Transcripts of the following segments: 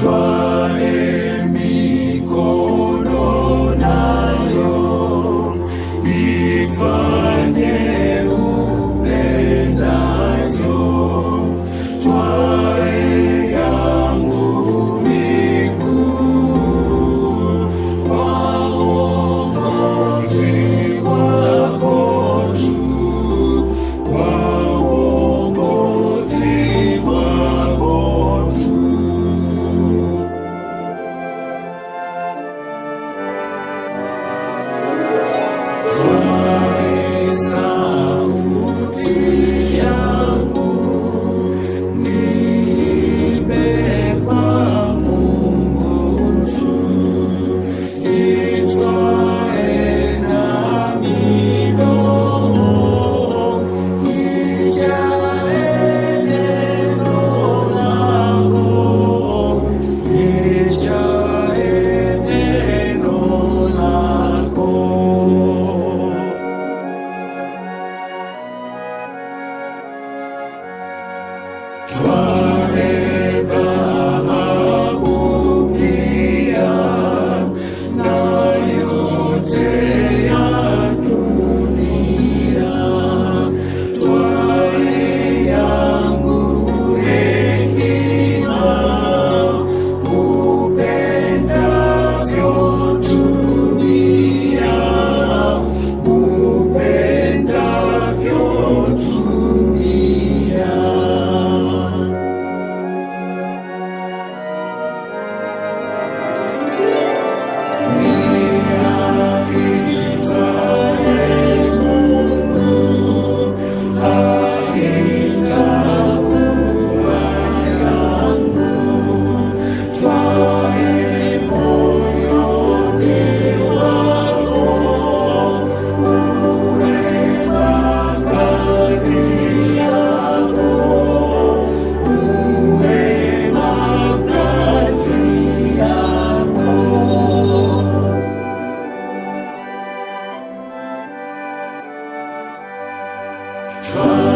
Toi me. Toi. Try.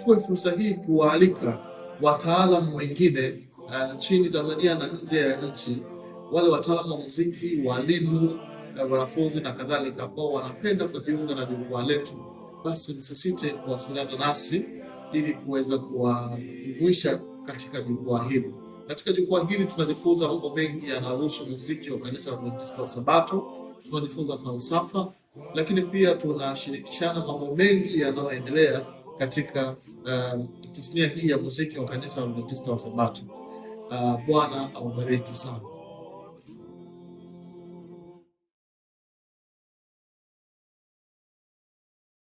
nichukue fursa hii kuwaalika wataalamu wengine eh, nchini uh, Tanzania na nje ya nchi, wale wataalamu wa muziki, walimu, uh, wanafunzi na kadhalika, ambao wanapenda kujiunga na jukwaa letu, basi msisite kuwasiliana nasi ili kuweza kuwajumuisha katika jukwaa hili. Katika jukwaa hili tunajifunza mambo mengi yanayohusu muziki wa kanisa la Waadventista wa Sabato, tunajifunza falsafa, lakini pia tunashirikishana mambo mengi yanayoendelea katika um, tasnia hii ya muziki wa kanisa wa Baptista wa Sabato. Uh, Bwana aubariki sana.